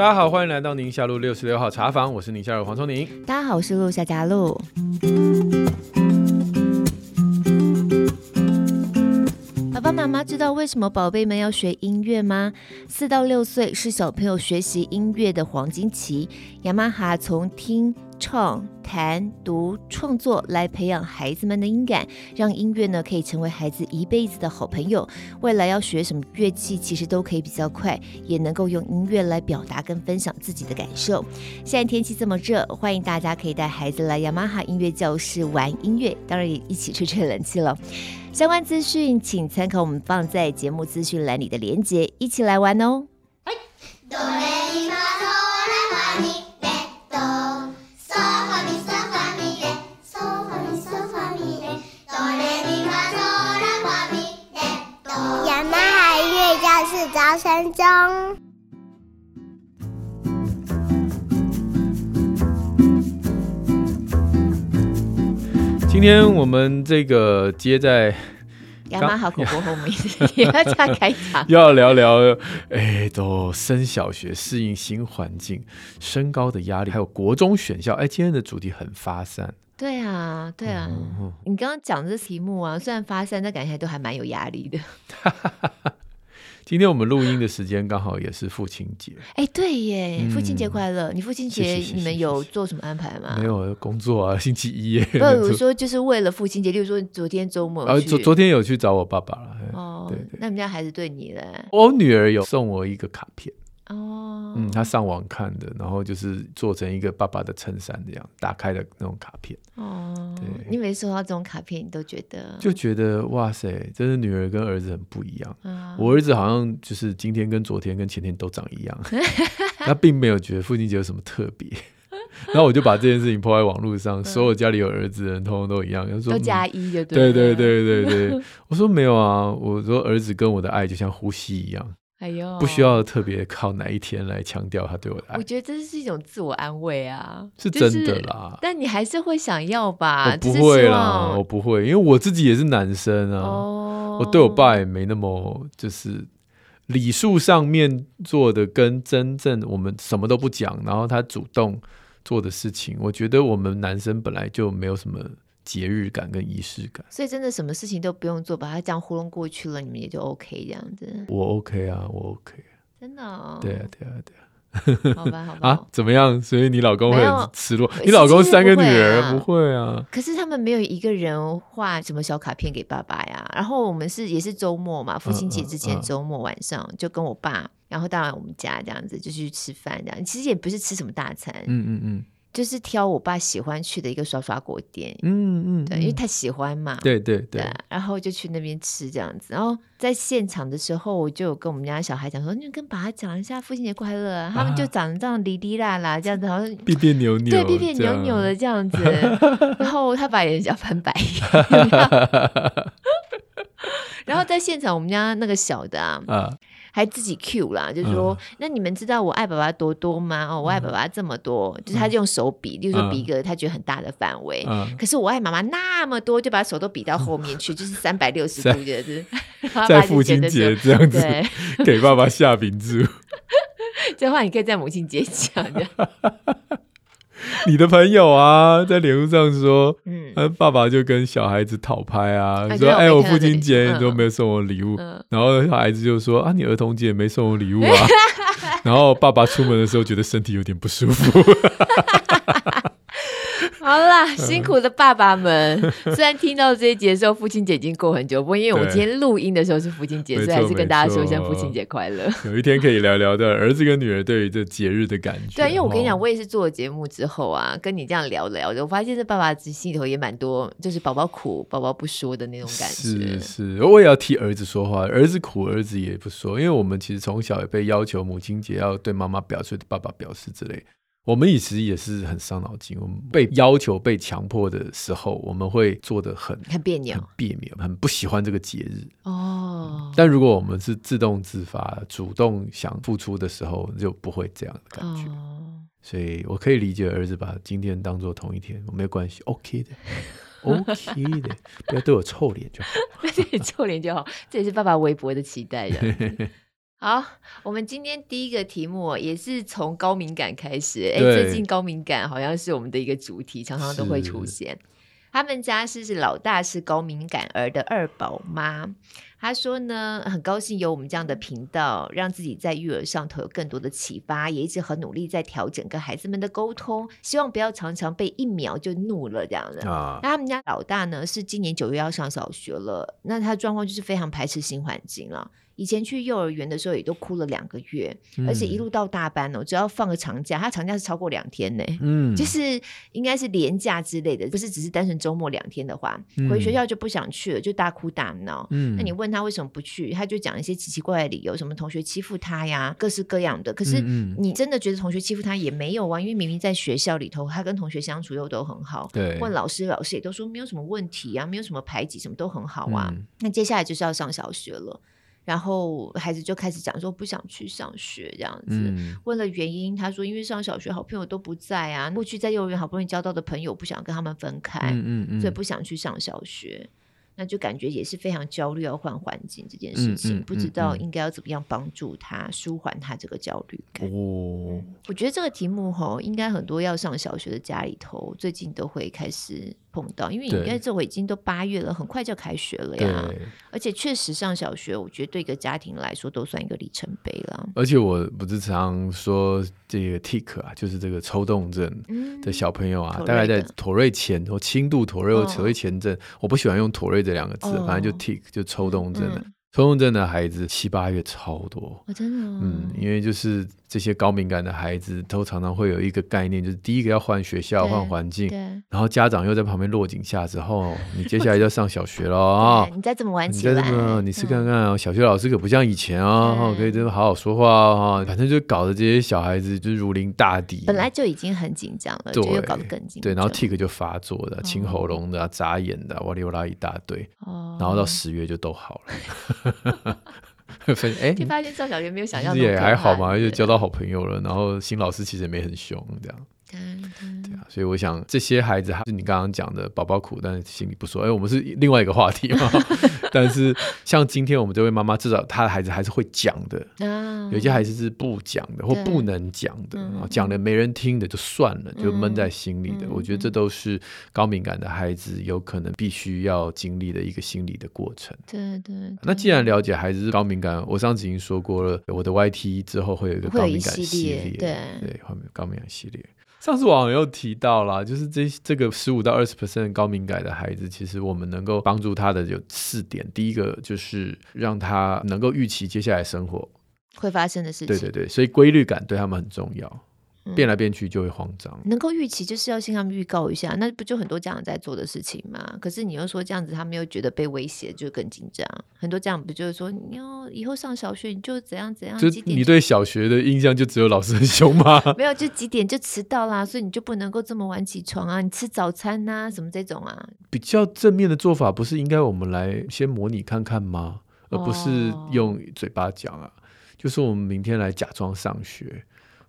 大家好，歡迎來到寧夏璐六十六號茶坊，我是寧夏璐的黃瑽寧。大家好，我是陸夏嘉璐。媽媽知道為什麼寶貝們要學音樂嗎？四到六歲是小朋友學習音樂的黃金期。Yamaha 從聽、唱、彈、讀、創作來培養孩子們的音感，讓音樂呢可以成為孩子一輩子的好朋友。未來要學什麼樂器，其實都可以比較快，也能夠用音樂來表達跟分享自己的感受。現在天氣這麼熱，歡迎大家可以帶孩子來 Yamaha 音樂教室玩音樂，當然也一起吹吹冷氣了。相關資訊，請參考我們放在節目資訊欄裡的連結，一起來玩哦。Yamaha 音樂教室招生中。今天我們這個接在雅馬哈，和我們一起要開要聊聊， 要聊哎，都升小學適應新環境，身高的壓力，還有國中選校。哎，今天的主題很發散，對啊，對啊，嗯，你剛剛講的這題目啊，雖然發散，但感覺都還蠻有壓力的。 今天我們錄音的時間剛好也是父親節， 哎，對耶。嗯、父親節快樂！你父親節，是是是是是，你們有做什麼安排嗎？沒有，工作啊，星期一。不如 說就是為了父親節，例如說昨天周末。呃、啊，昨昨天有去找我爸爸了。哦，對對，那你們家孩子對你嘞？我女兒有送我一個卡片。哦，嗯，他上網看的，然後就是做成一個爸爸的襯衫這樣打開的那種卡片。哦，對，你每次收到這種卡片，你都覺得就覺得哇塞，真的女兒跟兒子很不一樣。我兒子好像就是今天跟昨天跟前天都長一樣，他並沒有覺得父親節有什麼特別。然後我就把這件事情 PO 在網絡上，所有家裡有兒子的人，通通都一樣，就說都加一，對對對對對對。我說沒有啊，我說兒子跟我的愛就像呼吸一樣。哎呦，不需要特別靠哪一天來強調他對我的愛。我覺得這是一種自我安慰啊，是真的啦、就是。但你還是會想要吧？我不會啦，我不會，因為我自己也是男生啊。Oh. 我對我爸也沒那麼就是禮數上面做的跟真正我們什麼都不講，然後他主動做的事情，我覺得我們男生本來就沒有什麼節日感跟儀式感，所以真的什麼事情都不用做，把它這樣糊弄過去了，你們也就 OK 這樣子。我 OK 啊，我 OK，、啊、真的、哦對啊。對啊，對啊，對啊。 好吧，好吧、啊。怎麼樣？所以你老公會很失落？有你老公三個女兒不會啊？會啊，可是他們沒有一個人畫什麼小卡片給爸爸呀。嗯嗯嗯、然後我們是也是周末嘛，父親節之前周末晚上、嗯嗯、就跟我爸，然後到我們家這樣子就去吃飯，這樣其實也不是吃什麼大餐。嗯嗯嗯。嗯就是挑我爸喜歡去的一個涮涮鍋店，嗯嗯，嗯對，因為他喜歡嘛，對對對，對對對然後就去那邊吃這樣子。然後在現場的時候，我就有跟我們家小孩講說：“你、嗯、跟爸爸講一下父親節快樂。啊”他們就長得這樣哩哩啦啦這樣子，然後別別扭扭，對，別別扭,扭扭的這樣子。這樣 然後他爸眼角翻白。 然後在現場，我們家那個小的啊。啊還自己 Q 啦，就是說，嗯、那你們知道我愛爸爸多多嗎？哦，我愛爸爸這麼多，嗯、就是他就用手比，嗯、例如說比一個他覺得很大的範圍。嗯、可是我愛媽媽那麼多，就把手都比到後面去，嗯、就是三百六十度這樣子。在父親節這樣子給爸爸下餅子，這話你可以在母親節講。你的朋友啊，在臉書上說，嗯，爸爸就跟小孩子討拍啊，嗯、說，哎、欸，我父親節、嗯、你都沒有送我禮物，嗯、然後小孩子就說，啊，你兒童節沒送我禮物啊， 然後爸爸出門的時候覺得身體有點不舒服。 好啦，辛苦的爸爸們！雖然聽到這一集的時候， 父親節已經過很久，不過因為我今天錄音的時候是父親節，所以還是跟大家說一聲錯父親節快樂。有一天可以聊聊的， 兒子跟女兒對於這節日的感覺。對，因為我跟你講，哦、我也是做了節目之後啊，跟你這樣聊聊，我發現這爸爸心裡頭也蠻多，就是寶寶苦，寶寶不說的那種感覺。是是，我也要替兒子說話，兒子苦，兒子也不說，因為我們其實從小也被要求，母親節要對媽媽表示，爸爸表示之類的。我們一直也是很傷腦筋。我們被要求、被強迫的時候，我們會做得很很彆扭、很彆扭、很不喜歡這個節日。哦、嗯。但如果我們是自動自發、主動想付出的時候，就不會這樣的感覺。哦。所以我可以理解兒子把今天當做同一天，我沒有關係，OK 的，OK 的， 不要對我臭臉就好。對，臭臉就好。這也是爸爸微薄的期待呀。好，我們今天第一個題目也是從高敏感開始。哎對、欸，最近高敏感好像是我們的一個主題，常常都會出現。是他們家是是老大是高敏感兒的二寶媽，她說呢，很高興有我們這樣的頻道，讓自己在育兒上頭有更多的啟發，也一直很努力在調整跟孩子們的溝通，希望不要常常被一秒就怒了這樣的。啊、那他們家老大呢，是今年九月要上小學了，那他的狀況就是非常排斥新環境了。以前去幼兒園的時候也都哭了兩個月，而且一路到大班哦，嗯、只要放個長假，他長假是超過兩天呢？欸，嗯，就是應該是連假之類的，不是只是單純周末兩天的話，嗯、回學校就不想去了，就大哭大鬧。嗯，那你問他為什麼不去，他就講一些奇奇怪怪的理由，什麼同學欺負他呀，各式各樣的。可是你真的覺得同學欺負他也沒有啊，因為明明在學校裡頭，他跟同學相處又都很好。對，問老師，老師也都說沒有什麼問題啊，沒有什麼排擠，什麼都很好啊。嗯、那接下來就是要上小學了。然後孩子就開始講說不想去上學這樣子，嗯、問了原因，他說因為上小學好朋友都不在啊，過去在幼兒園好不容易交到的朋友不想跟他們分開，嗯嗯嗯、所以不想去上小學，那就感覺也是非常焦慮要換環境這件事情，嗯嗯、不知道應該要怎麼樣幫助他、嗯嗯嗯、舒緩他這個焦慮感。哦、我覺得這個題目吼、哦，應該很多要上小學的家裡頭最近都會開始。碰到，因為你應該這會已經都八月了，對很快就要開學了呀。對而且確實上小學，我覺得對一個家庭來說都算一個里程碑了。而且我不是常說這個 Tic 啊，就是這個抽動症的小朋友啊，嗯、大概在妥瑞、哦、前或輕度妥瑞妥瑞前症，哦、我不喜歡用妥瑞這兩個字，哦、反正就 Tic 就抽動症的、嗯、抽動症的孩子七八月超多，哦、真的、哦，嗯，因為就是。這些高敏感的孩子都常常會有一個概念，就是第一個要換學校、換環境，然後家長又在旁邊落井下石：“哦，你接下來就要上小學了啊！”你再這麼玩起來，你再這麼，你試看看小學老師可不像以前啊，可以真的好好說話啊。反正就搞得這些小孩子就是如臨大敵，本來就已經很緊張了，對，搞得更緊張。對，然後 tick 就發作了，清喉嚨的、眨眼的，哇里哇啦一大堆。哦，然後到十月就都好了。發 誒聽哎，發現上小學沒有想象也還好嘛，就交到好朋友了。對然後新老師其實也沒很凶，這樣。對對對啊，所以我想這些孩子還是你剛剛講的寶寶苦，但是心裡不說。哎，我們是另外一個話題嘛。 但是像今天我們這位媽媽，至少她的孩子還是會講的。哦、有些孩子是不講的，對或不能講的，嗯、講了沒人聽的就算了，嗯、就悶在心裡的。嗯、我覺得這都是高敏感的孩子有可能必須要經歷的一個心理的過程。對對。對對，那既然了解孩子是高敏感，我上次已經說過了，我的 YT 之後會有一個高敏感系列，會有系列對對，高敏感系列。上次我們提到啦，就是這這個十五到二十 percent 高敏感的孩子，其實我們能夠幫助他的有四點，第一個就是讓他能夠預期接下來生活會發生的事情。對對對，所以規律感對他們很重要。變來變去就會慌張、嗯，能夠預期就是要先他們預告一下，那不就很多家長在做的事情嗎？可是你又說這樣子，他們又覺得被威脅，就更緊張。很多家長不就是說，你要以後上小學你就怎樣怎樣？就你對小學的印象就只有老師很凶嗎？ 沒有，就幾點就遲到啦，所以你就不能夠這麼晚起床啊，你吃早餐啊什麼這種啊。比較正面的做法不是應該我們來先模擬看看嗎？而不是用嘴巴講啊，哦、就是我們明天來假裝上學。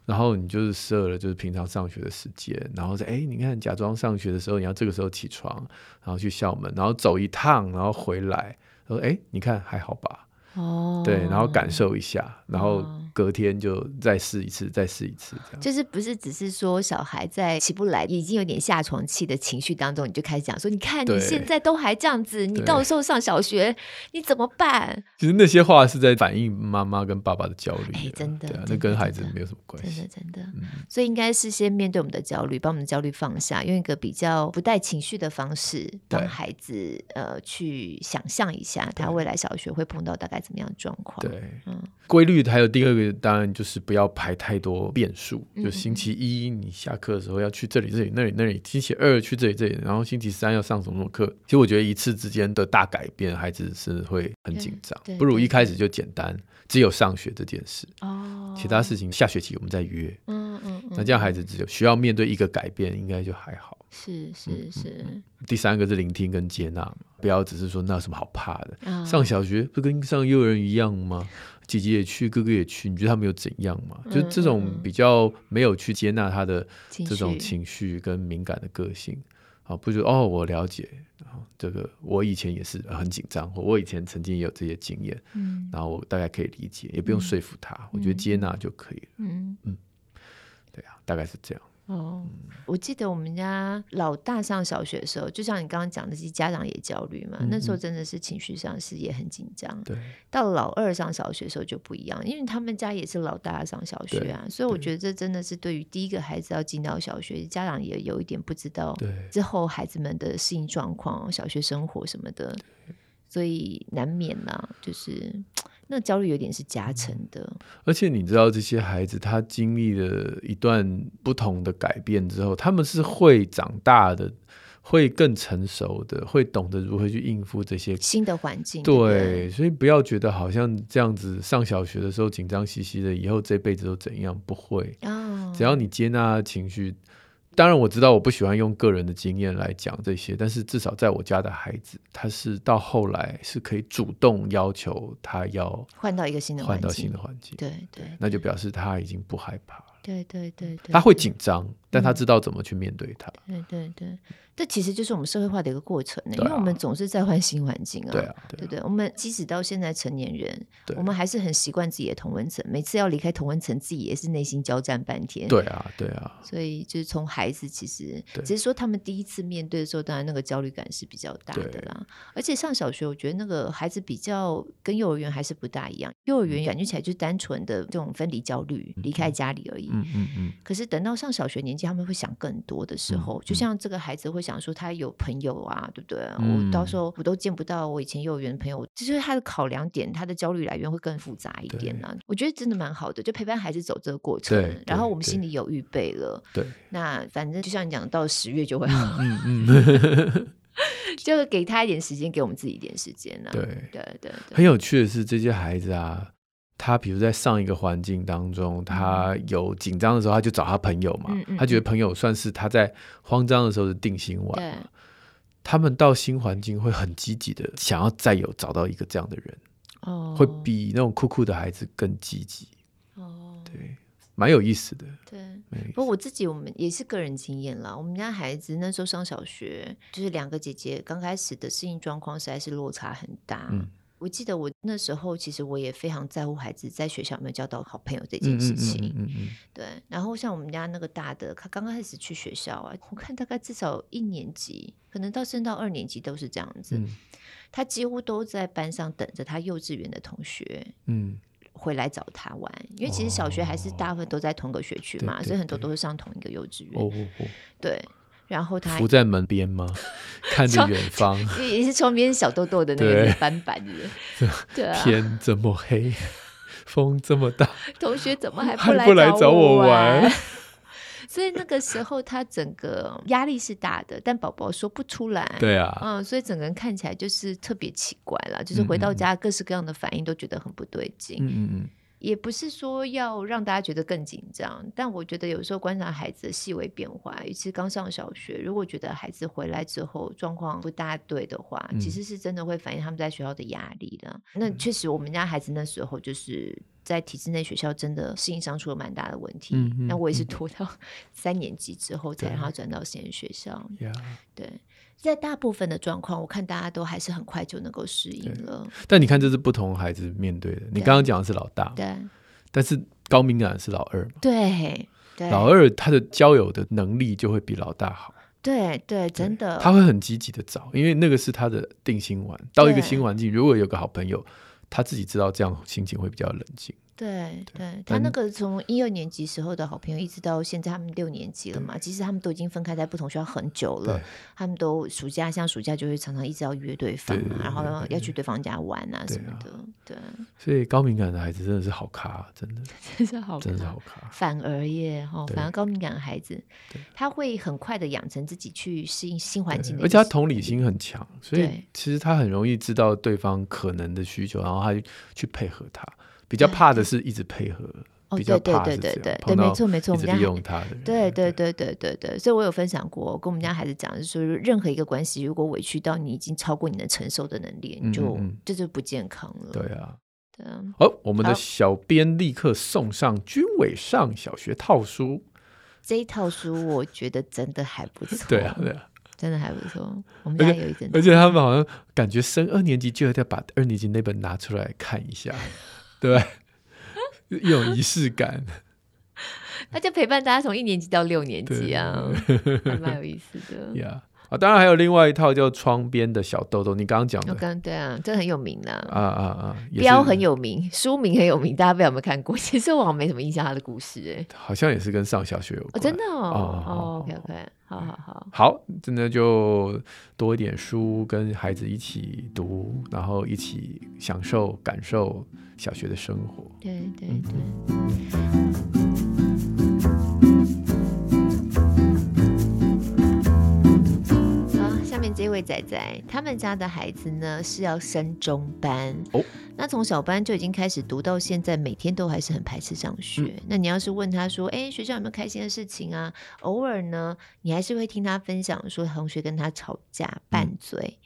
然後你就是設了，就是平常上學的時間，然後說，哎、欸，你看，假裝上學的時候，你要這個時候起床，然後去校門，然後走一趟，然後回來，他說，哎、欸，你看，還好吧？哦，oh. 對，然後感受一下，然後。隔天就再試一次，再試一次，就是不是只是說小孩在起不來，已經有點下床氣的情緒當中，你就開始講說，你看你現在都還這樣子，你到時候上小學你怎麼辦？其實那些話是在反映媽媽跟爸爸的焦慮，哎，真的，這跟孩子沒有什麼關係，真的真的。所以應該是先面對我們的焦慮，把我們的焦慮放下，用一個比較不帶情緒的方式，幫孩子呃去想象一下他未來小學會碰到大概怎麼樣狀況。對，嗯，規律還有第二個。當然，就是不要排太多變數。嗯嗯，就星期一你下課的時候要去這裡這裡那裡那裡，星期二去這裡這裡，然後星期三要上什麼什麼課？其實我覺得一次之間的大改變，孩子是會很緊張。對對對對，不如一開始就簡單，只有上學這件事。哦，其他事情下學期我們再約。嗯，嗯嗯，那這樣孩子只有需要面對一個改變，應該就還好。是是是嗯嗯。第三個是聆聽跟接納，不要只是說那有什麼好怕的？嗯、上小學不跟上幼兒園一樣嗎？姐姐也去，哥哥也去，你覺得他們有怎樣嗎？嗯、就這種比較沒有去接納他的這種情緒跟敏感的個性，情緒啊，不覺得，哦，我了解，這個我以前也是很緊張，或我以前曾經也有這些經驗，嗯，然後我大概可以理解，也不用說服他，嗯、我覺得接納就可以了，嗯,嗯，對啊，大概是這樣。哦，oh, 嗯、我記得我們家老大上小學的時候，就像你剛剛講的，其實家長也焦慮嘛。嗯嗯，那時候真的是情緒上是也很緊張。對。到老二上小學的時候就不一樣，因為他們家也是老大上小學啊，對所以我覺得這真的是對於第一個孩子要進到小學，對家長也有一點不知道之後孩子們的適應狀況、對小學生活什麼的，對所以難免呢、啊、就是。那焦慮有點是加成的，而且你知道這些孩子，他經歷了一段不同的改變之後，他們是會長大的，會更成熟的，會懂得如何去應付這些新的環境。對，嗯、所以不要覺得好像這樣子上小學的時候緊張兮兮的，以後這輩子都怎樣？不會、哦、只要你接納情緒。當然我知道，我不喜歡用個人的經驗來講這些，但是至少在我家的孩子，他是到後來是可以主動要求他要換到一個新的環境，換到新的環境。對對、對對，那就表示他已經不害怕了。對對、對對對，他會緊張，但他知道怎麼去面對他。嗯。對對對，這其實就是我們社會化的一個過程呢，嗯啊、因為我們總是在換新環境啊。對啊，對，啊對對，我們即使到現在成年人，對我們還是很習慣自己的同溫層，每次要離開同溫層，自己也是內心交戰半天。對啊，對啊。所以就是從孩子，其實只是對說他們第一次面對的時候，當然那個焦慮感是比較大的啦。對而且上小學，我覺得那個孩子比較跟幼兒園還是不大一樣，幼兒園感覺起來就是單純的這種分離焦慮，嗯、離開家裡而已。嗯嗯，嗯，嗯可是等到上小學年。他們會想更多的時候，嗯、就像這個孩子會想說他有朋友啊，對不對？嗯、我到時候我都見不到我以前幼兒園的朋友，其、就、實、是、他的考量點，他的焦慮來源會更複雜一點呢、啊。對我覺得真的蠻好的，就陪伴孩子走這個過程，然後我們心裡有預備了，對。對那反正就像你講，到十月就會好，嗯嗯， 就給他一點時間，給我們自己一點時間了、啊對。對對對，很有趣的是這些孩子啊。他比如在上一個環境當中，他有緊張的時候，他就找他朋友嘛。嗯嗯、他覺得朋友算是他在慌張的時候的定心丸。對他們到新環境會很積極的，想要再有找到一個這樣的人。哦、會比那種酷酷的孩子更積極。哦、對，蠻有意思的。對，不過我自己我們也是個人經驗啦。我們家孩子那時候上小學，就是兩個姐姐剛開始的適應狀況實在是落差很大。嗯我記得我那時候，其實我也非常在乎孩子在學校有沒有交到好朋友這件事情。對，然後像我們家那個大的，他剛開始去學校啊，我看大概至少一年級，可能到升到二年級都是這樣子，嗯、他幾乎都在班上等着他幼稚園的同學嗯回來找他玩，因為其實小學還是大部分都在同個學區嘛，所以很多都是上同一個幼稚園。哦哦哦對。然後他不在門邊嗎？ 看着遠方， 也是窗邊小豆豆的那個，個板板的。對啊，天這麼黑，風這麼大， 同學怎麼還不來找我啊？ 來找我玩？ 所以那個時候他整個壓力是大的，但寶寶說不出來。對啊，嗯，所以整個人看起來就是特別奇怪啦，就是回到家各式各樣的反應都覺得很不對勁。嗯嗯。也不是說要讓大家覺得更緊張，但我覺得有時候觀察孩子的細微變化，尤其是剛上小學，如果覺得孩子回來之後狀況不大對的話，其實是真的會反映他們在學校的壓力的。嗯、那確實，我們家孩子那時候就是在體制內學校，真的適應上出了蠻大的問題。嗯嗯、那我也是拖到三年級之後才讓他轉到實驗學校。對。對對在大部分的狀況，我看大家都還是很快就能夠適應了。但你看，這是不同孩子面對的。對，你剛剛講的是老大，對，但是高敏感是老二嘛？對，對老二他的交友的能力就會比老大好。對對，真的，他會很積極的找，因為那個是他的定心丸。到一個新環境，對如果有個好朋友，他自己知道這樣心情會比較冷靜。對對，他那個從一二年級時候的好朋友，一直到現在他們六年級了嘛，其實他們都已經分開在不同學校很久了。他們都暑假像暑假就會常常一直要約對方，然後要去對方家玩啊什麼的。對，所以高敏感的孩子真的是好咖，真的，真是好，真是好咖。反而耶哈，反而高敏感的孩子，他會很快的養成自己去適應新環境，而且他同理心很強，所以其實他很容易知道對方可能的需求，然後他去配合他。比較怕的是一直配合，比較怕是這樣，對，沒錯，沒錯，我們家利用他的，對，對，對，對，對，對，所以我有分享過，跟我們家孩子講，就是說，任何一個關係，如果委屈到你已經超過你能承受的能力，你就就是不健康了。對啊，對啊。好，我們的小編立刻送上《君偉上小學》套書，這一套書我覺得真的還不錯，對啊，對啊，真的還不錯。我們家有一本，而且他們好像感覺升二年級就要再把二年級那本拿出來看一下。對，有儀式感，他就 陪伴大家從一年級到六年級啊，對 還蠻有意思的。Yeah. 啊，當然還有另外一套叫《窗邊的小豆豆》，你剛剛講的，okay, 對啊，這很有名的，啊，啊啊啊，標很有名，書名很有名，嗯、大家不知道有沒有看過？其實我好像沒什麼印象，他的故事哎，欸，好像也是跟上小學有關、哦，真的哦，哦,哦,哦，OK OK，好好好，嗯、好，真的就多一點書跟孩子一起讀，然後一起享受，嗯、感受小學的生活，對對對。嗯貴仔仔他們家的孩子呢是要升中班，oh. 那從小班就已經開始讀到現在，每天都還是很排斥上學。嗯、那你要是問他說：“哎、欸，學校有沒有開心的事情啊？”偶爾呢，你還是會聽他分享說同學跟他吵架拌、嗯、嘴，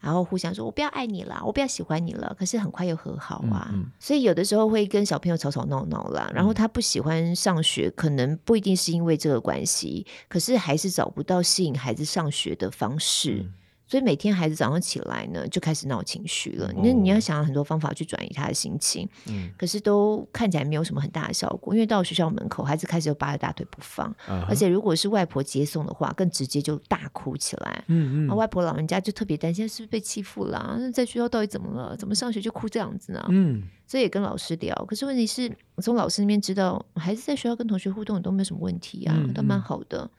然後互相說“我不要愛你了，我不要喜歡你了”，可是很快又和好啊。嗯嗯所以有的時候會跟小朋友吵吵鬧鬧啦。然後他不喜歡上學，可能不一定是因為這個關係，可是還是找不到吸引孩子上學的方式。嗯所以每天孩子早上起來呢，就開始鬧情緒了。那你要想要很多方法去轉移他的心情，哦嗯、可是都看起來沒有什麼很大的效果。因為到學校門口，孩子開始就扒着大腿不放，啊、哼而且如果是外婆接送的話，更直接就大哭起來。嗯，嗯啊，外婆老人家就特別擔心，是不是被欺負了、啊。那在學校到底怎麼了？怎麼上學就哭這樣子呢？嗯，所以也跟老師聊，可是問題是，我從老師那邊知道，孩子在學校跟同學互動都沒有什麼問題啊，嗯嗯都蠻好的。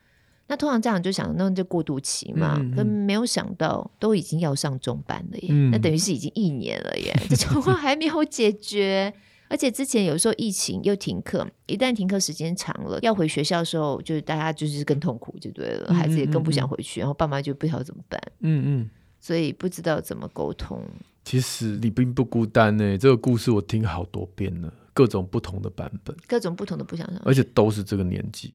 那通常家長就想，那就過渡期嘛，都、嗯嗯、沒有想到都已經要上中班了耶，嗯、那等於是已經一年了耶，這情況還沒有解決， 而且之前有時候疫情又停課，一旦停課時間長了，要回學校的時候，就是大家就是更痛苦就對了，嗯、孩子也更不想回去，嗯、然後爸媽就不曉得怎麼辦，嗯嗯，嗯所以不知道怎麼溝通。其實你並不孤單呢？這個故事我聽好多遍了，各種不同的版本，各種不同的不想上，而且都是這個年紀。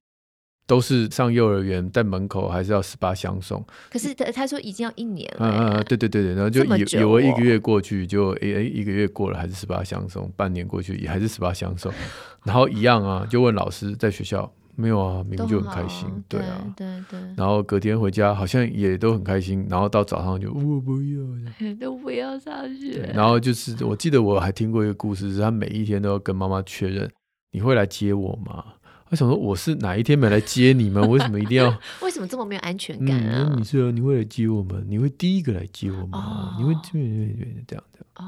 都是上幼兒園，在門口還是要十八相送。可是他他說已經要一年了，欸。嗯嗯、啊啊啊，對對對對，然後就以有有一個月過去，就哎哎、欸欸，一個月過了還是十八相送，半年過去也還是十八相送， 然後一樣啊，就問老師在學校沒有啊，明明就很開心，對啊，對，對對。然後隔天回家好像也都很開心，然後到早上就我不要，都不要上學。然後就是我記得我還聽過一個故事，是他每一天都要跟媽媽確認，你會來接我嗎？我想說，我是哪一天沒來接你們？ 為什麼一定要？為什麼這麼沒有安全感啊？嗯、你是、啊、你會來接我們，你會第一個來接我們，oh. 你會這樣的哦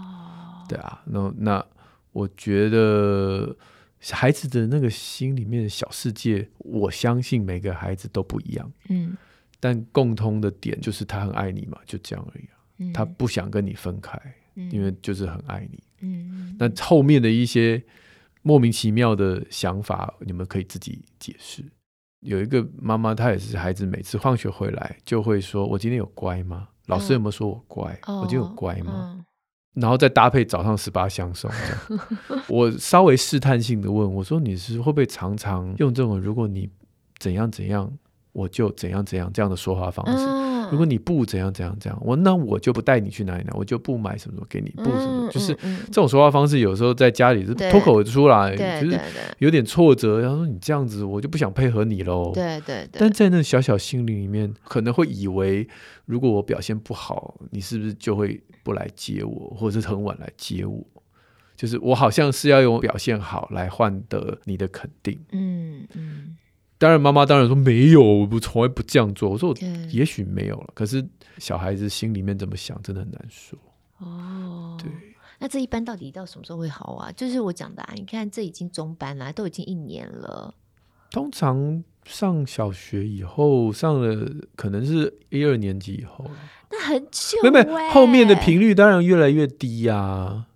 ？Oh. 對啊，那那我覺得孩子的那個心裡面的小世界，我相信每個孩子都不一樣。嗯，但共通的點就是他很愛你嘛，就這樣而已、啊。嗯、他不想跟你分開，嗯、因為就是很愛你。嗯，那後面的一些。莫名其妙的想法，你們可以自己解釋。有一個媽媽，她也是孩子，每次放學回來就會說：“我今天有乖嗎？老師有沒有說我乖？嗯、我今天有乖嗎？”嗯、然後再搭配早上十八相送。 我稍微試探性的問：“我說你是會不會常常用這種如果你怎樣怎樣，我就怎樣怎樣這樣的說話方式？”嗯如果你不怎樣怎樣怎樣，我那我就不帶你去哪裡呢，我就不買什麼給你，不什麼，嗯嗯、就是這種說話方式，有時候在家裡是脫口出來，對就是有點挫折，然後說，你這樣子，我就不想配合你嘍。對對對。但在那小小心靈裡面，可能會以為，如果我表現不好，你是不是就會不來接我，或者是很晚來接我？就是我好像是要用表現好來換得你的肯定。嗯嗯。嗯當然，媽媽當然說沒有，我不從來不這樣做。我說，也許沒有了。對可是小孩子心裡面怎麼想，真的很難說。哦，對那這一般到底到什麼時候會好啊？就是我講的、啊，你看，這已經中班了，都已經一年了。通常上小學以後，上了可能是一二年級以後，那很久、欸。沒沒，後面的頻率當然越來越低呀、啊。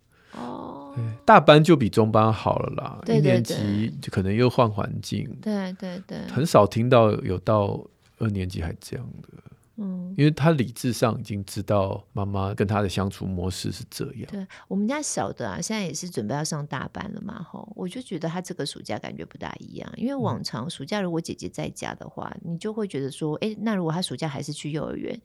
大班就比中班好了啦，對對對，一年級就可能又換環境，對對對，很少聽到有到二年級還這樣的，嗯，因為他理智上已經知道媽媽跟他的相處模式是這樣。對我們家小的啊，現在也是準備要上大班了嘛，吼，我就覺得他這個暑假感覺不大一樣，因為往常暑假如果姐姐在家的話，嗯，你就會覺得說，哎，那如果他暑假還是去幼兒園，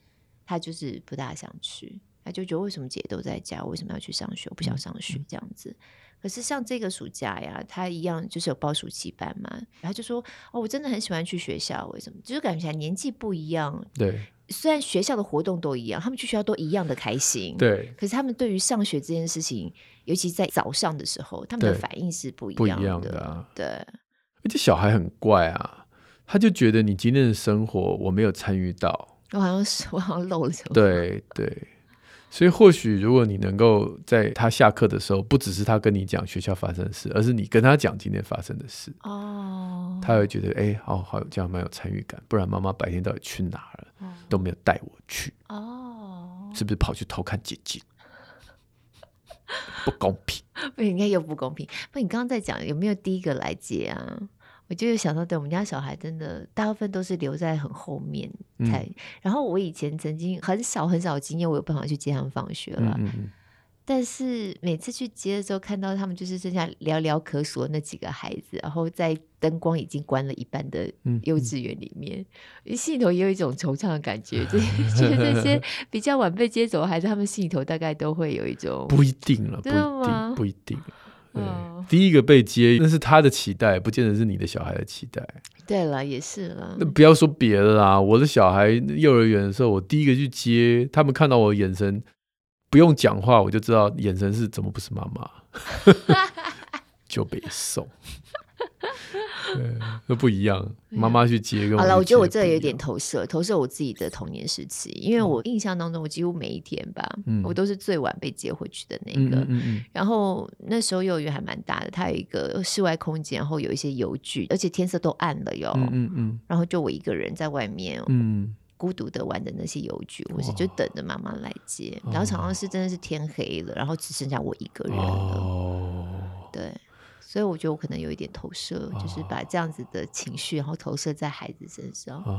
他就是不大想去。他就覺得為什麼姐姐都在家，我為什麼要去上學？我不想上學，這樣子。嗯嗯、可是像這個暑假呀，他一樣就是有報暑期班嘛。然後就說：“哦，我真的很喜歡去學校，為什麼？就是感覺起來年紀不一樣。”對，雖然學校的活動都一樣，他們去學校都一樣的開心。對，可是他們對於上學這件事情，尤其在早上的時候，他們的反應是不一樣的，對。這、啊、對小孩很怪啊，他就覺得你今天的生活我沒有參與到，我好像是我好像漏了什麼對。對對。所以，或許如果你能夠在他下課的時候，不只是他跟你講學校發生的事，而是你跟他講今天發生的事，哦，oh. 他會覺得哎、欸，好好這樣蠻有參與感。不然媽媽白天到底去哪兒了，mm. 都沒有帶我去，哦，oh. 是不是跑去偷看姐姐？ 不公平， 不應該又不公平。不，你剛剛在講有沒有第一個來接啊？我就有想到，對，我們家小孩真的大、大部分都是留在很後面才、嗯。然後我以前曾經很少很少經驗，我有辦法去接他們放學了。嗯嗯，但是每次去接的時候，看到他們就是剩下寥寥可數的那幾個孩子，然後在燈光已經關了一半的幼稚園裡面，心裡頭也有一種惆悵的感覺。 就是這些比較晚被接走的孩子，他們心裡頭大概都會有一種不一定了，嗎不一定，不一定。嗯，第一個被接，那是他的期待，不見得是你的小孩的期待。對啦，也是啦。那不要說別的啦，我的小孩幼兒園的時候，我第一個去接，他們看到我的眼神，不用講話，我就知道眼神是怎麼，不是媽媽， 就被送。 對，都不一樣。媽媽去接，我去接。嗯。好了，我覺得我這有點投射，投射我自己的童年時期。嗯、因為我印象當中，我幾乎每一天吧，嗯，我都是最晚被接回去的那個。嗯嗯嗯、然後那時候幼兒園還蠻大的，它有一個室外空間，然後有一些遊具，而且天色都暗了喲。嗯嗯。嗯嗯然後就我一個人在外面，嗯，孤獨的玩的那些遊具，我是就等着媽媽來接。哇然後常常是真的是天黑了，哦、然後只剩下我一個人了。哦。對。所以我覺得我可能有一點投射，就是把這樣子的情緒，然後投射在孩子身上。Oh,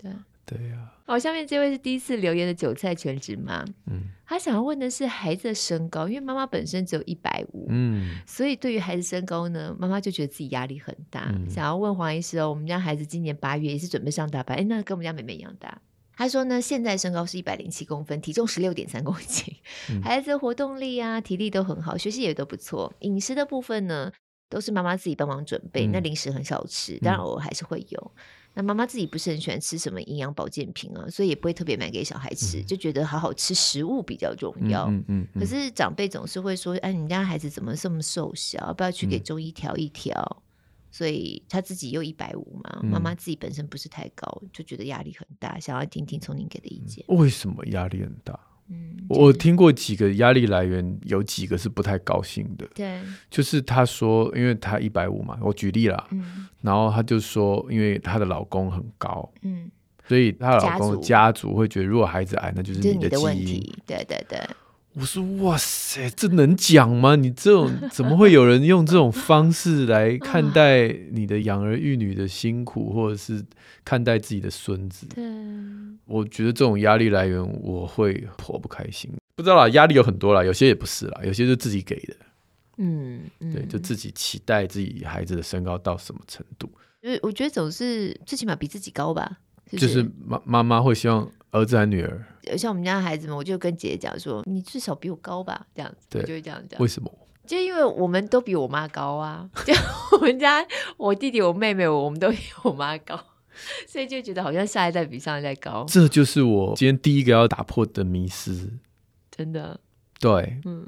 對對啊，對，對呀。好，下面這位是第一次留言的韭菜全職媽，嗯，她想要問的是孩子的身高，因為媽媽本身只有一百五，嗯，所以對於孩子身高呢，媽媽就覺得自己壓力很大，嗯，想要問黃醫師哦，我們家孩子今年八月也是準備上大班，哎，那跟我們家妹妹一樣大。他說呢，現在身高是一百零七公分，體重十六點三公斤，嗯、孩子的活動力啊、體力都很好，學習也都不錯。飲食的部分呢，都是媽媽自己幫忙準備，嗯、那零食很少吃，當然偶爾還是會有。嗯、那媽媽自己不是很喜歡吃什麼營養保健品啊，所以也不會特別買給小孩吃，嗯、就覺得好好吃食物比較重要。嗯嗯嗯、可是長輩總是會說，哎，你家孩子怎麼這麼瘦小？要不要去給中醫調一調。所以他自己又一百五嘛，媽媽自己本身不是太高，嗯、就覺得壓力很大，想要聽聽從您給的意見。為什麼壓力很大？嗯就是、我聽過幾個壓力來源，有幾個是不太高興的。對，就是他說，因為他一百五嘛，我舉例啦。嗯、然後他就說，因為她的老公很高，嗯，所以她老公家族會覺得，如果孩子矮，那就是你的基因，就是你的問題。對對對。我說哇塞，這能講嗎？你這種怎麼會有人用這種方式來看待你的養兒育女的辛苦，或者是看待自己的孫子？對，我覺得這種壓力來源我會頗不開心。不知道啦，壓力有很多啦，有些也不是啦，有些是自己給的。嗯，嗯對，就自己期待自己孩子的身高到什麼程度？因為我覺得總是最起碼比自己高吧。是不是？就是媽媽媽會希望，兒子還女兒，像我們家的孩子們，我就跟姐姐講說：“你至少比我高吧。”這樣子，對，我就會這樣講。為什麼？就因為我們都比我媽高啊！就我們家我弟弟、我妹妹，我們都比我媽高，所以就覺得好像下一代比上一代高。這就是我今天第一個要打破的迷思，真的。對，嗯，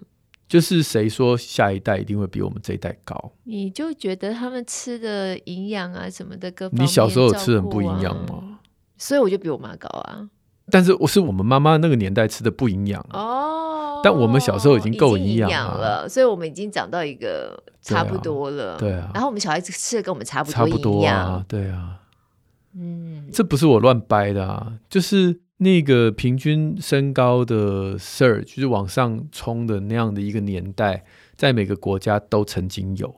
就是誰說下一代一定會比我們這一代高？你就覺得他們吃的營養啊什麼的，跟你小時候、啊、吃很不營養嗎？所以我就比我媽高啊。但是我是我們媽媽那個年代吃的不營養哦，oh, 但我們小時候已經夠營養、啊、已經營養了，所以我們已經長到一個差不多了，對啊。對啊，然後我們小孩子吃的跟我們差不多，差不多啊，對啊。嗯，這不是我亂掰的，啊，就是那個平均身高的 surge，就是往上衝的那樣的一個年代，在每個國家都曾經有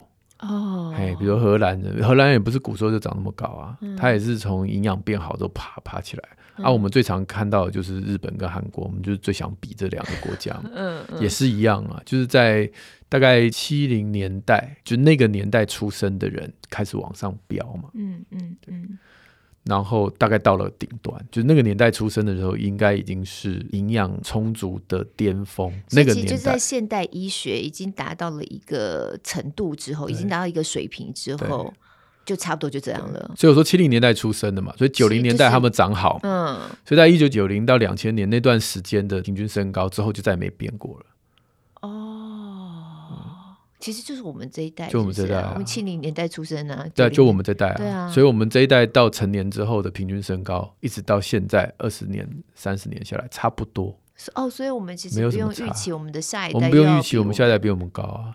哦。哎、oh，比如荷蘭人，荷蘭人也不是古時候就長那麼高啊，他、嗯、也是從營養變好都爬爬起來。啊，我們最常看到的就是日本跟韓國，我們就是最想比這兩個國家。 嗯，嗯，也是一樣啊，就是在大概七零年代，就那個年代出生的人開始往上飆嘛，嗯嗯嗯，對，然後大概到了頂端，就那個年代出生的時候，應該已經是營養充足的巔峰，那個年代就是在現代醫學已經達到了一個程度之後，對已經達到一個水平之後。就差不多就這樣了。所以我說七零年代出生的嘛，所以九零年代他們長好，就是。嗯，所以在一九九零到兩千年那段時間的平均身高之後就再也沒變過了。哦，嗯、其實就是我們這一代，就我們這代，我們七零年代出生啊。對，就我們這代啊。對啊。所以我們這一代到成年之後的平均身高，一直到現在二十年，三十年下來差不多。哦，所以我們其實不用預期我們的下一代。我們不用預期我們下一代比我們高啊。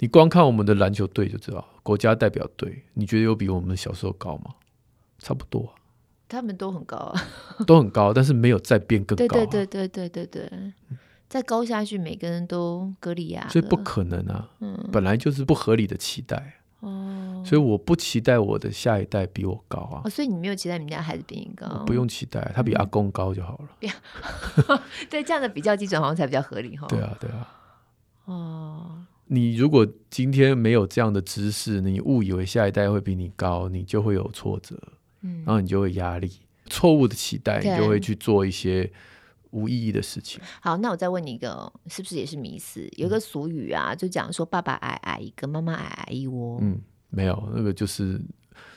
你光看我們的籃球隊就知道，國家代表隊，你覺得有比我們小時候高嗎？差不多。啊，他們都很高啊， 都很高，但是沒有再變更高。啊。對對對對對對，對，對，嗯，再高下去，每個人都哥利亞，所以不可能啊。嗯，本來就是不合理的期待。嗯，所以我不期待我的下一代比我高啊。哦，所以你沒有期待你們家孩子比你高，不用期待，啊，他比阿公高就好了。嗯。 對，這樣的比較基準好像才比較合理哈。哦。 對啊，對啊。哦。你如果今天沒有這樣的知識，你誤以為下一代會比你高，你就會有挫折，嗯，然後你就會壓力，錯誤的期待，Okay. 你就會去做一些無意義的事情。好，那我再問你一個，是不是也是迷思？有個俗語啊，嗯、就講說爸爸矮矮一個，媽媽矮矮一窩。嗯，沒有，那個就是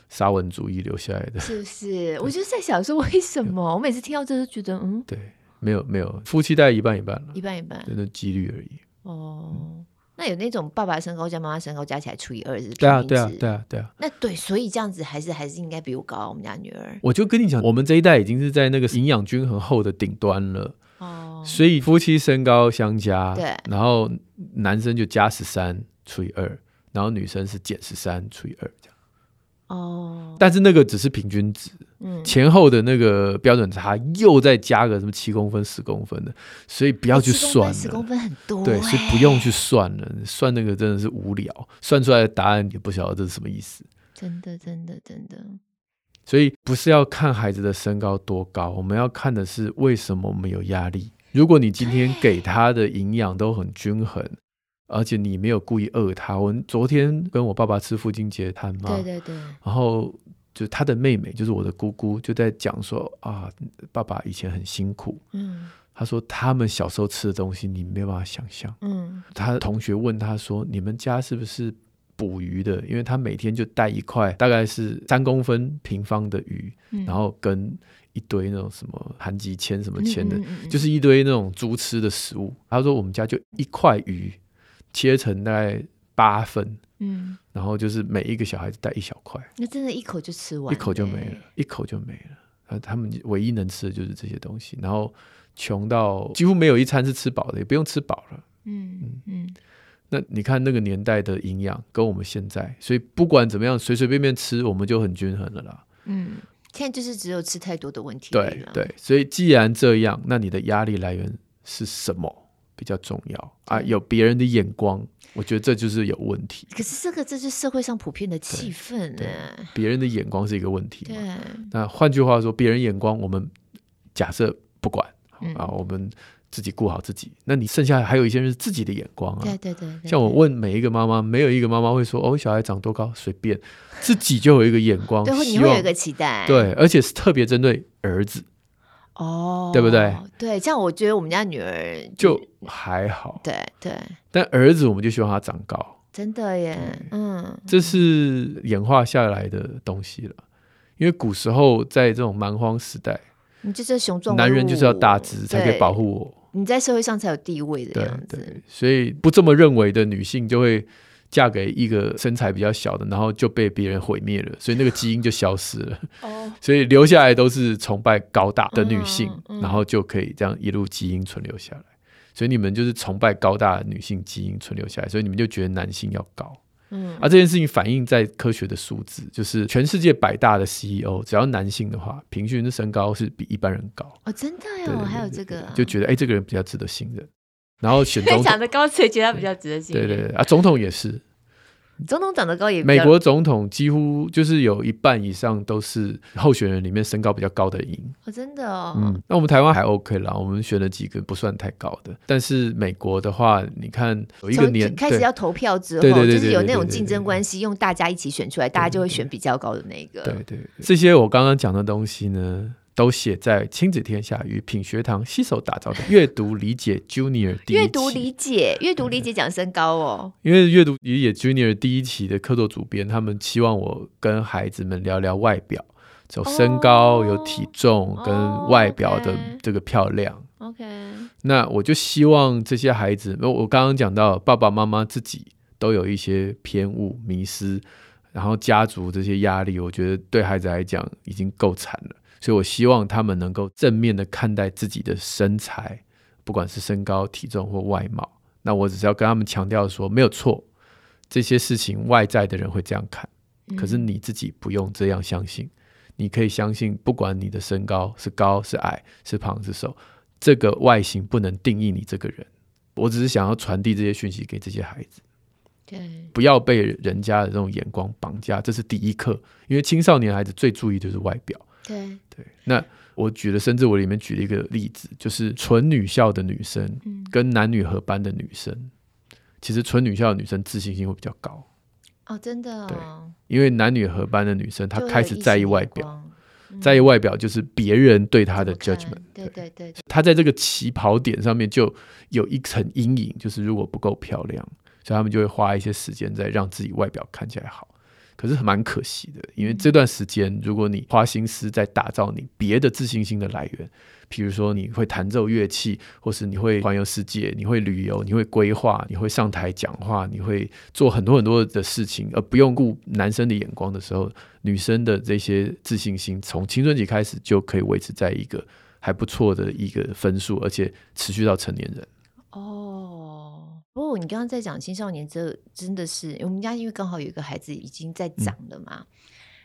沙文主義留下來的，是不是？對我就是在想說，為什麼有我每次聽到這都覺得，嗯，對，沒有沒有，夫妻帶一半一半一半一半，真的幾率而已。哦。嗯那有那種爸爸身高加媽媽身高加起來除以二是平均值，對啊，對啊，對啊，對啊。那對，所以這樣子還是還是應該比我高。我們家女兒，我就跟你講，我們這一代已經是在那個營養均衡後的頂端了。哦、嗯。所以夫妻身高相加，對、嗯，然後男生就加十三除以二，然後女生是減十三除以二這樣。哦，但是那個只是平均值，嗯，前後的那個標準差又再加個什麼七公分、十公分的，所以不要去算了，哦、十公分、十公分很多、欸，對，所以不用去算了，算那個真的是無聊，算出來的答案也不曉得這是什麼意思，真的，真的，真的，所以不是要看孩子的身高多高，我們要看的是為什麼我們有壓力。如果你今天給他的營養都很均衡。而且你沒有故意餓他。我昨天跟我爸爸吃父親節餐嘛，對對對。然後就他的妹妹，就是我的姑姑，就在講說啊，爸爸以前很辛苦。嗯。他說他們小時候吃的東西你沒有辦法想象。嗯。他的同學問他說：“你們家是不是捕魚的？”因為他每天就帶一塊大概是三公分平方的魚，嗯、然後跟一堆那種什麼韓籍籤什麼籤的，嗯嗯嗯就是一堆那種豬吃的食物。他說我們家就一塊魚。切成大概八份，嗯，然後就是每一個小孩子帶一小塊，那真的一口就吃完，一口就，欸、一口就沒了，一口就沒了。他他們唯一能吃的就是這些東西，然後窮到幾乎沒有一餐是吃飽的，也不用吃飽了，嗯嗯嗯。嗯那你看那個年代的營養跟我們現在，所以不管怎麼樣，隨隨便便吃我們就很均衡了啦。嗯，現在就是只有吃太多的問題。對對，所以既然這樣，那你的壓力來源是什麼？比較重要啊，有別人的眼光，對，我覺得這就是有問題。可是這個，這是社會上普遍的氣氛呢？啊。別人的眼光是一個問題，對。那換句話說，別人眼光，我們假設不管，嗯，啊，我們自己顧好自己。那你剩下還有一些人是自己的眼光啊，對對，對對對。像我問每一個媽媽，沒有一個媽媽會說哦，小孩長多高隨便，自己就有一個眼光，對，希望，你會有一個期待，對，而且是特別針對兒子。哦，oh, 對不對？對，這樣我覺得我們家女兒就，就還好，對對。對，但兒子我們就希望他長高，真的耶，對嗯，這是演化下來的東西了。因為古時候在這種蠻荒時代，你就雄壯男人就是要大只才可以保護我，你在社會上才有地位的樣子。對對，所以不這麼認為的女性就會。嫁給一個身材比較小的，然後就被別人毀滅了，所以那個基因就消失了。 oh. 所以留下來都是崇拜高大的女性，mm hmm. 然後就可以這樣一路基因存留下來。所以你們就是崇拜高大的女性基因存留下來，所以你們就覺得男性要高。嗯、mm，而、hmm. 啊、這件事情反映在科學的數字，就是全世界百大的 CEO，只要男性的話，平均的身高是比一般人高。Oh, 哦，真的呀？還有這個、啊？就覺得哎、欸，這個人比較值得信任。然後選擇長得高，誰覺得他比較值得信？對對對啊，總統也是，總統長得高也。美國總統幾乎就是有一半以上都是候選人裡面身高比較高的贏。哦，真的哦，嗯，那我們台灣還 OK 啦，我們選了幾個不算太高的。但是美國的話，你看有一個年開始要投票之後，就是有那種競爭關係，用大家一起選出來，大家就會選比較高的那個。對對，這些我剛剛講的東西呢？都寫在親子天下與品學堂攜手打造的閱讀理解 Junior 第一期。閱 讀理解，閱讀理解講身高哦。因為閱讀理解 Junior 第一期的客座主編，他們希望我跟孩子們聊聊外表，就身高，oh, 有體重，跟外表的這個漂亮。Oh, OK okay。那我就希望這些孩子，我剛剛講到爸爸媽媽自己都有一些偏誤、迷思，然後家族這些壓力，我覺得對孩子來講已經夠慘了。所以，我希望他們能夠正面的看待自己的身材，不管是身高、體重或外貌。那我只是要跟他們強調說，沒有錯，這些事情外在的人會這樣看，可是你自己不用這樣相信。嗯，你可以相信，不管你的身高是高是矮、是胖是瘦，這個外形不能定義你這個人。我只是想要傳遞這些訊息給這些孩子，對，不要被人家的這種眼光綁架，這是第一課。對因為青少年孩子最注意的就是外表。對對，那我舉了，甚至我裡面舉了一個例子，就是純女校的女生跟男女合班的女生，嗯、其實純女校的女生自信心會比較高哦，真的、哦，對，因為男女合班的女生她開始在意外表，意嗯、在意外表就是別人對她的 judgment，對對 Okay, 對，對，她在這個起跑點上面就有一層陰影，就是如果不夠漂亮，所以她們就會花一些時間在讓自己外表看起來好。可是蠻可惜的，因為這段時間，如果你花心思在打造你別的自信心的來源，譬如說你會彈奏樂器，或是你會環遊世界，你會旅遊，你會規劃，你會上台講話，你會做很多很多的事情，而不用顧男生的眼光的時候，女生的這些自信心從青春期開始就可以維持在一個還不錯的一個分數，而且持續到成年人。哦。Oh. 不過、哦，你剛剛在講青少年，這真的是我們家，因為剛好有一個孩子已經在長了嘛。嗯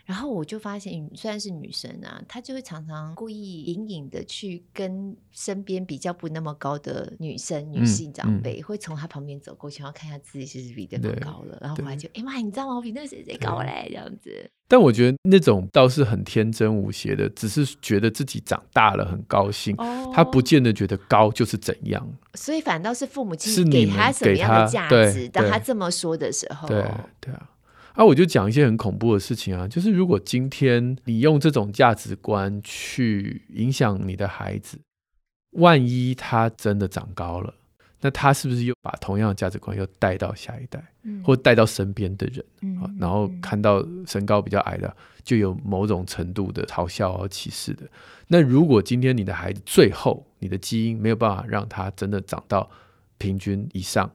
然後我就發現，雖然是女生啊，她就會常常故意隱隱的去跟身邊比較不那麼高的女生，嗯、女性長輩、嗯，會從她旁邊走過去，然後看一下自己是不是比對方高了，對然後回來就哎對、欸、媽，你知道嗎？我比那個誰誰高嘞，對這樣子。但我覺得那種倒是很天真無邪的，只是覺得自己長大了，很高興。她、哦、不見得覺得高就是怎樣，所以反倒是父母親給她什麼樣的價值，當她這麼說的時候，對，對啊。啊，我就講一些很恐怖的事情啊，就是如果今天你用這種價值觀去影響你的孩子，萬一他真的長高了，那他是不是又把同樣的價值觀又帶到下一代，或帶到身邊的人？嗯啊、然後看到身高比較矮的，就有某種程度的嘲笑和歧視的。那如果今天你的孩子最後，你的基因沒有辦法讓他真的長到平均以上。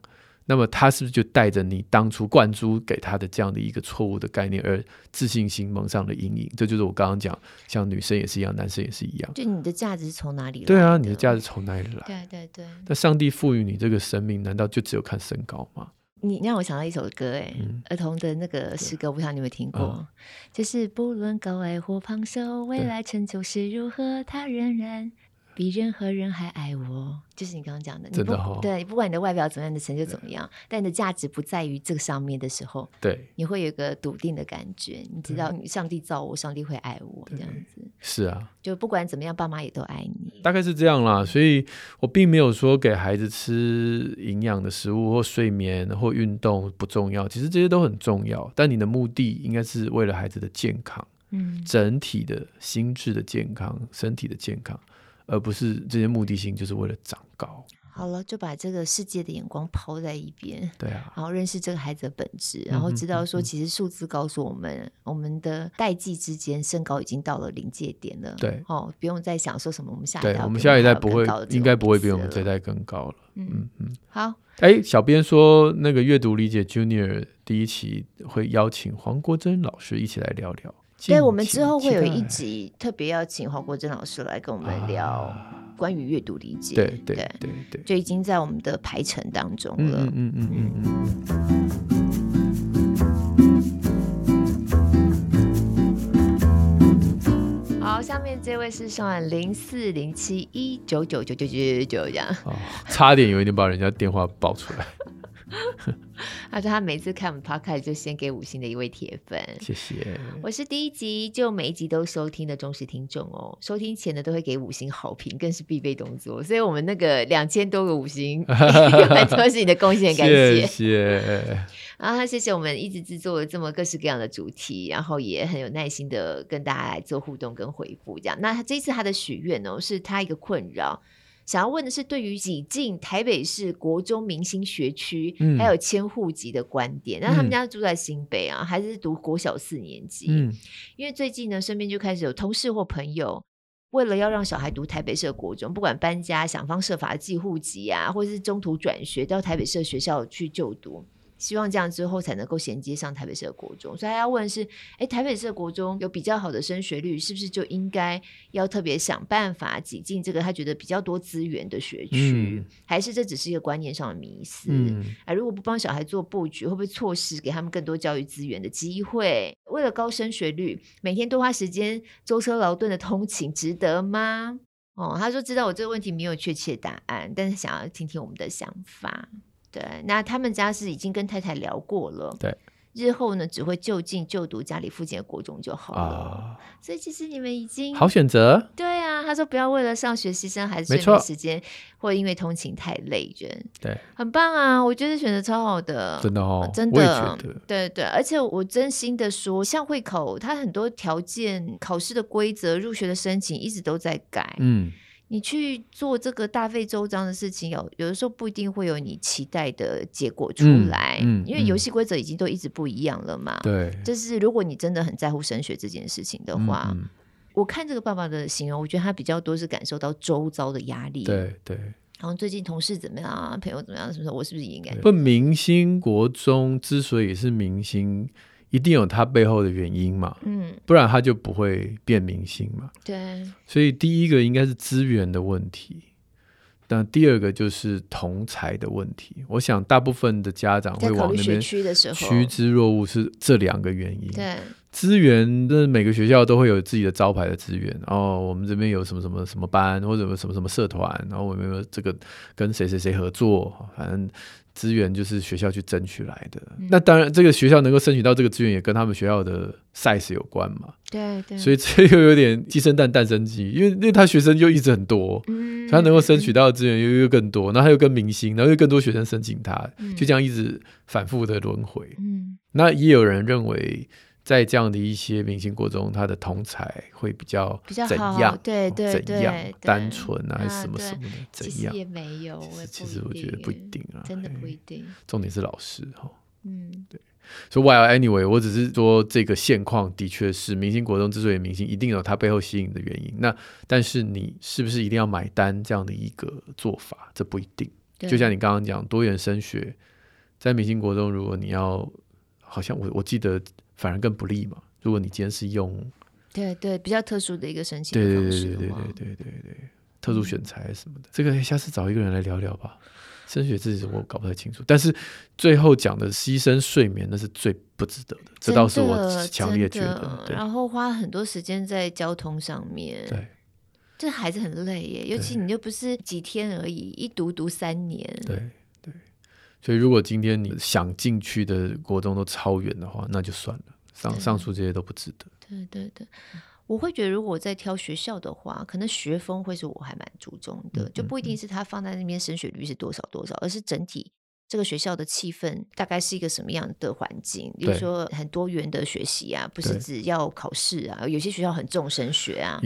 那麼他是不是就帶着你當初灌輸給他的這樣的一個錯誤的概念，而自信心蒙上了陰影？這就是我剛剛講，像女生也是一樣，男生也是一樣。就你的價值是從哪裡來？對啊，你的價值從哪裡來？對對對。那上帝賦予你這個生命，難道就只有看身高嗎？你，你讓我想到一首歌誒，哎、嗯，兒童的那個詩歌，我不知道你有沒有聽過？嗯、就是不論高矮或胖瘦，未來成就是如何，他人人，他仍然。比任何人還愛我，就是你剛剛講的，你不真的哈、哦。對，不管你的外表怎麼樣，的成就怎麼樣，對但你的價值不在於這個上面的時候，對，你會有一個篤定的感覺。你知道，上帝造我，對上帝會愛我，這樣子。是啊，就不管怎麼樣，爸媽也都愛你。大概是這樣啦，嗯、所以我並沒有說給孩子吃營養的食物或睡眠或運動不重要，其實這些都很重要。但你的目的應該是為了孩子的健康，嗯，整體的心智的健康，身體的健康。而不是這些目的性，就是為了長高。好了，就把這個世界的眼光拋在一邊。對啊，然後認識這個孩子的本質，然後知道說，其實數字告訴我們，嗯嗯嗯我們的代際之間身高已經到了臨界點了。對，哦，不用再想說什麼我們下一代我們對，我們下一代，我們下一代不會，應該不會比我們這代更高了。嗯嗯，嗯好。哎，小編說，那個閱讀理解 Junior 第一期會邀請黃國珍老師一起來聊聊。對，我們之後會有一集特別要請黃國珍老師來跟我們聊關於閱讀理解。啊、對對對對，就已經在我們的排程當中了。嗯嗯嗯嗯，嗯好，下面這位是上海零四零七一九九九九九九九這樣、哦，差點有一點把人家電話爆出來。 他說：“他每次看我們 Podcast 就先給五星的一位鐵粉，謝謝。我是第一集就每一集都收聽的忠實聽眾哦，收聽前呢都會給五星好評，更是必備動作。所以，我們那個兩千多個五星，很 是你的貢獻，感 謝，謝。然後他謝謝我們一直製作的這麼各式各樣的主題，然後也很有耐心的跟大家來做互動跟回復。這樣，那這次他的許願哦，是他一個困擾。”想要問的是，對於擠進台北市國中明星學區還有遷戶籍的觀點，那、嗯、他們家住在新北啊，嗯、還是讀國小四年級，嗯、因為最近呢，身邊就開始有同事或朋友，為了要讓小孩讀台北市的國中，不管搬家想方設法寄戶籍啊，或者是中途轉學到台北市的學校去就讀。希望這樣之後才能夠銜接上台北市的國中，所以他要問的是：哎、欸，台北市的國中有比較好的升學率，是不是就應該要特別想辦法擠進這個他覺得比較多資源的學區？嗯、還是這只是一個觀念上的迷思？哎、嗯啊、如果不幫小孩做布局，會不會錯失給他們更多教育資源的機會？為了高升學率，每天多花時間舟車勞頓的通勤，值得嗎？哦，他說知道我這個問題沒有確切答案，但是想要聽聽我們的想法。對，那他們家是已經跟太太聊過了，對，日後呢，只會就近就讀家裡附近的國中就好了，啊、所以其實你們已經好選擇，對啊，他說不要為了上學犧牲孩子睡眠時間，錯或因為通勤太累人，對，很棒啊，我覺得選擇超好的，真的哦，啊、真的，對對，而且我真心的說，像會考，他很多條件、考試的規則、入學的申請一直都在改，嗯。你去做這個大費周章的事情，有有的時候不一定會有你期待的結果出來，嗯嗯嗯、因為遊戲規則已經都一直不一樣了嘛。對，就是如果你真的很在乎升學這件事情的話，嗯嗯、我看這個爸爸的形容，我覺得他比較多是感受到周遭的壓力。對對，然後最近同事怎麼樣啊？朋友怎麼樣？什麼時候？我是不是也應該不？明星國中之所以是明星。一定有他背後的原因嘛，嗯，不然他就不會變明星嘛。對，所以第一個應該是資源的問題，但第二個就是同儕的問題。我想大部分的家長會往那邊趨之若鶩，是這兩個原因。對，資源，就是每個學校都會有自己的招牌的資源。哦，我們這邊有什麼什麼什麼班，或者什麼什麼什麼社團，然後我們有這個跟誰誰誰合作，反正。資源就是學校去爭取來的，嗯、那當然這個學校能夠爭取到這個資源，也跟他們學校的 size 有關嘛。對對，對，所以這又有點雞生蛋，蛋生雞，因為因為他學生就一直很多，嗯、所以他能夠爭取到的資源又又更多，然後他又跟明星，然後又更多學生申請他，嗯、就這樣一直反覆的輪回。嗯，那也有人認為。在這樣的一些明星國中，他的同儕會比較怎樣？怎樣單純是、啊啊、什麼什麼的，沒怎樣有。其實我覺得不一定啊，真的不一定。哎、重點是老師哈。哦、嗯，對。So while anyway, 我只是說，這個現況的確是明星國中之所以明星，一定有他背後吸引的原因。那但是你是不是一定要買單這樣的一個做法？這不一定。對就像你剛剛講多元升學，在明星國中，如果你要，好像我我記得。反而更不利嘛？如果你今天是用，對對，比較特殊的一個申請方式，對對對對對對對對，特殊選才什麼的，這個下次找一個人來聊聊吧。升學制度我搞不太清楚，但是最後講的犧牲睡眠，那是最不值得的，這倒是我強烈的覺得。然後花很多時間在交通上面，對，這孩子很累耶。尤其你又不是幾天而已，一讀讀三年，對對。所以如果今天你想進去的國中都超遠的話，那就算了。上上述這些都不值得。對對對，我會覺得如果我在挑學校的話，可能學風會是我還蠻注重的，就不一定是他放在那邊升學率是多少多少，而是整體這個學校的氣氛大概是一個什麼樣的環境，比如說很多元的學習啊，不是只要考試啊，有些學校很重升學啊，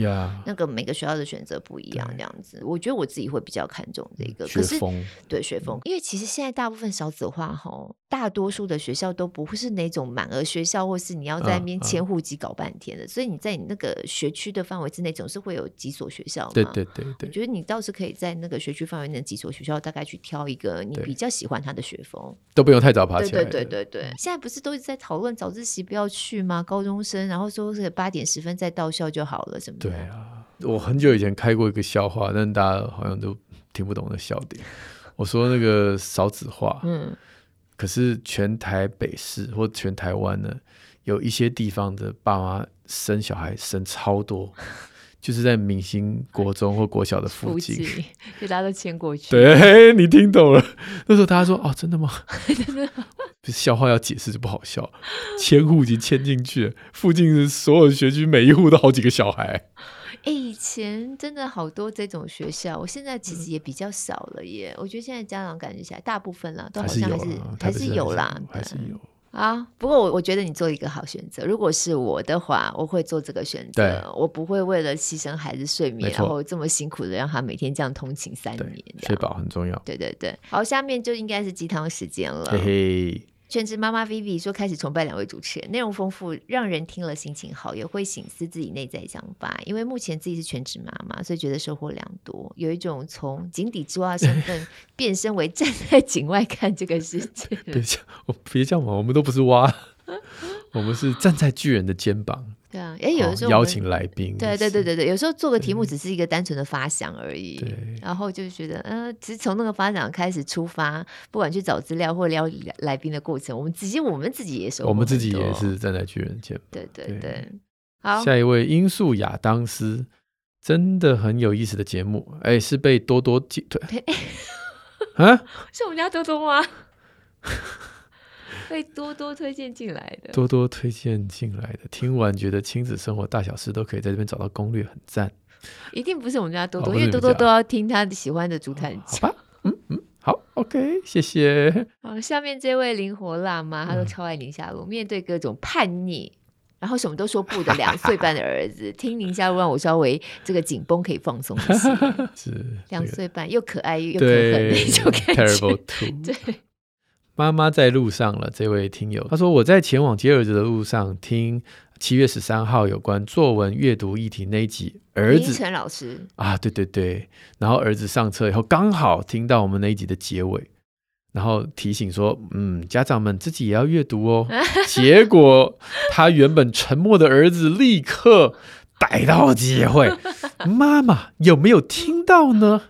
那個每個學校的選擇不一樣，這樣子，我覺得我自己會比較看重這個可是對學風，因為其實現在大部分少子化吼。大多數的學校都不會是那種滿額學校，或是你要在那邊遷戶籍搞半天的。啊啊、所以你在你那個學區的範圍之內，總是會有幾所學校。對對對對，我覺得你倒是可以在那個學區範圍內的幾所學校，大概去挑一個你比較喜歡他的學風。都不用太早爬起來。對，對對對對，現在不是都是在討論早自習不要去嗎？高中生，然後說是八點十分再到校就好了，什麼？對啊，我很久以前開過一個笑話，但大家好像都聽不懂的笑點。我說那個少子化， 嗯。可是全台北市或全台灣呢，有一些地方的爸媽生小孩生超多， 就是在明星國中或國小的附近，就 大家都遷過去。對，你聽懂了？那時候大家說：“哦，真的嗎？”真的。笑話要解釋就不好笑，遷戶已經遷進去了，附近所有學區每一戶都好幾個小孩。哎，以前真的好多這種學校，我現在其實也比較少了耶。嗯、我覺得現在家長感覺起來，大部分了都好像還是還是有啦，還是有啊對。不過我我覺得你做一個好選擇，如果是我的話，我會做這個選擇。對我不會為了犧牲孩子睡眠，錯然後這麼辛苦的讓他每天這樣通勤三年，睡飽很重要。對對對，好，下面就應該是雞湯時間了，嘿嘿。全職媽媽 Vivi 說：“開始崇拜兩位主持人，內容豐富，讓人聽了心情好，也會省思自己內在想法。因為目前自己是全職媽媽，所以覺得收穫良多，有一種從井底之蛙身份變身為站在井外看這個世界。 別叫，我別叫我，我們都不是蛙， 我們是站在巨人的肩膀。”對啊，哎，有的時候、哦、邀請來賓，對對對對對，有時候做個題目只是一個單純的發想而已，對，然後就覺得，嗯、呃，其實從那個發想開始出發，不管去找資料或邀來,來賓的過程，我們其實我們自己也，是我們自己也是站在巨人前，對對對。對好，下一位英素亞當斯，真的很有意思的節目，哎，是被多多記對，哎哎、啊，是我們家多多嗎？ 被多多推薦進來的，多多推薦進來的，聽完覺得親子生活大小事都可以在這邊找到攻略，很讚。一定不是我們家多多，哦、因為多多都要聽他喜歡的豬探長。嗯嗯，好，OK，謝謝。好，下面這位靈活辣媽，她都超愛寧夏璐，嗯、面對各種叛逆，然後什麼都說不的兩歲半的兒子， 聽寧夏璐讓我稍微這個緊繃可以放鬆一些。是。 是兩歲半又可愛又又可恨那種感覺。嗯、對。媽媽在路上了，這位聽友他說，我在前往接兒子的路上，聽七月十三號有關作文閱讀議題那集。兒子陳老師啊，對對對，然後兒子上車以後剛好聽到我們那一集的結尾，然後提醒說，嗯，家長們自己也要閱讀哦。 結果他原本沉默的兒子立刻逮到機會， 媽媽有沒有聽到呢？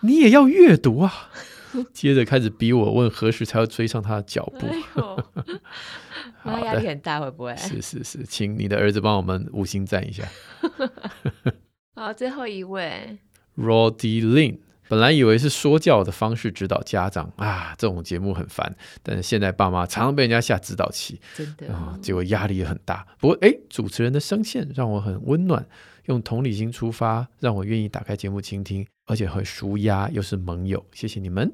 你也要閱讀啊。 接着開始逼我問何時才要追上他的腳步，壓力很大，會不會？是是是，請你的兒子幫我們五星讚一下。好、 哦，最後一位 ，Roddy Lin，本來以為是說教的方式指導家長啊，這種節目很煩。但是現在爸媽常常被人家下指導棋、嗯，真的啊、嗯，結果壓力也很大。不過哎、欸，主持人的聲線讓我很溫暖，用同理心出發，讓我願意打開節目傾聽，而且很舒壓，又是盟友，謝謝你們。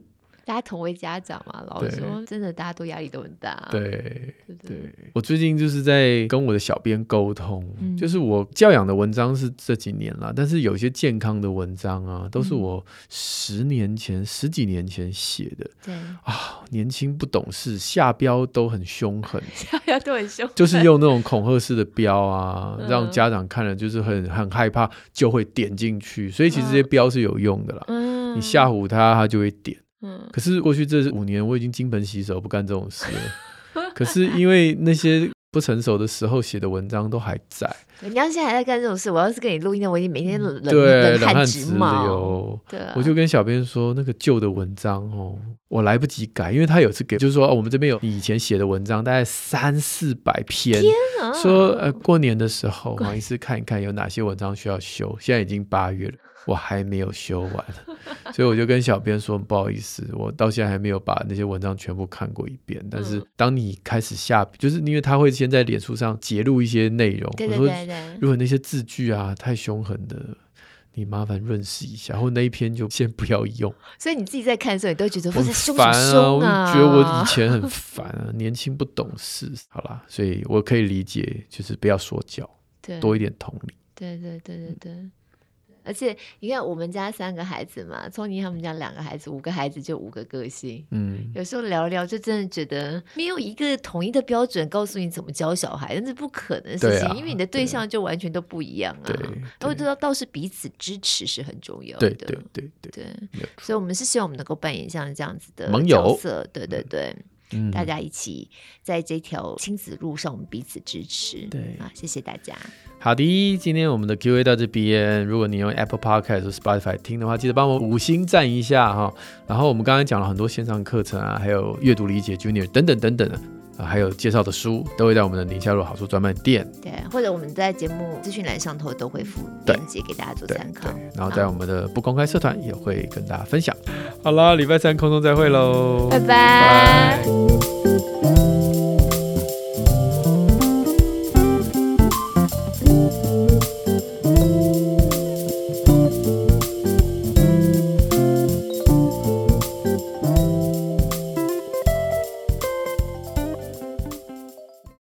大家同為家長嘛，老實說真的，大家都壓力都很大、啊。對，對，對，對。我最近就是在跟我的小編溝通，嗯、就是我教養的文章是這幾年了，但是有些健康的文章啊，都是我十年前、嗯、十幾年前寫的。對啊，年輕不懂事，下標都很凶狠，下標都很凶狠，就是用那種恐嚇式的標啊，嗯、讓家長看了就是很很害怕，就會點進去。所以其實這些標是有用的啦，嗯、你嚇唬他，他就會點。嗯，可是過去這五年我已經金盆洗手不幹這種事了。 可是因為那些不成熟的時候寫的文章都還在。 你要現在還在幹這種事，我要是跟你錄音，我已經每天冷冷汗直流。對，我就跟小編說，那個舊的文章哦，我來不及改，因為他有次給就是說，哦、我們這邊有你以前寫的文章，大概三四百篇。天啊！說呃，過年的時候王醫師看一看，有哪些文章需要修。現在已經八月了。我還沒有修完， 所以我就跟小編說，不好意思，我到現在還沒有把那些文章全部看過一遍。嗯、但是當你開始下筆，就是因為他會先在臉書上截錄一些內容。對對對對，如果那些字句啊太凶狠的，你麻煩潤飾一下，然後那一篇就先不要用。所以你自己在看的時候，你都覺得我是凶啊，啊我覺得我以前很煩啊， 年輕不懂事，好啦，所以我可以理解，就是不要說教，對多一點同理。對對對對對。而且你看，我們家三個孩子嘛，聰妮他們家兩個孩子，五個孩子就五個個性。嗯，有時候聊一聊，就真的覺得沒有一個統一的標準告訴你怎麼教小孩，那是不可能的事情，啊、因為你的對象就完全都不一樣啊。對，啊對，對都知道倒是彼此支持是很重要的。對對對對，所以我們是希望我們能夠扮演像這樣子的角色。盟友對對對。嗯嗯，大家一起在這條親子路上，我們彼此支持。對啊，謝謝大家。好的，今天我們的 Q&A 到這邊。如果你用 Apple Podcast 或 Spotify 聽的話，記得幫我五星讚一下哈，哦。然後我們剛才講了很多線上課程啊，還有閱讀理解 Junior 等等等等的。還有介紹的書都會在我們的寧夏路好書專賣店，對，或者我們在節目資訊欄上頭都會附鏈接給大家做參考，好然後在我們的不公開社團也會跟大家分享。好啦，禮拜三空中再會嘍，拜拜 bye。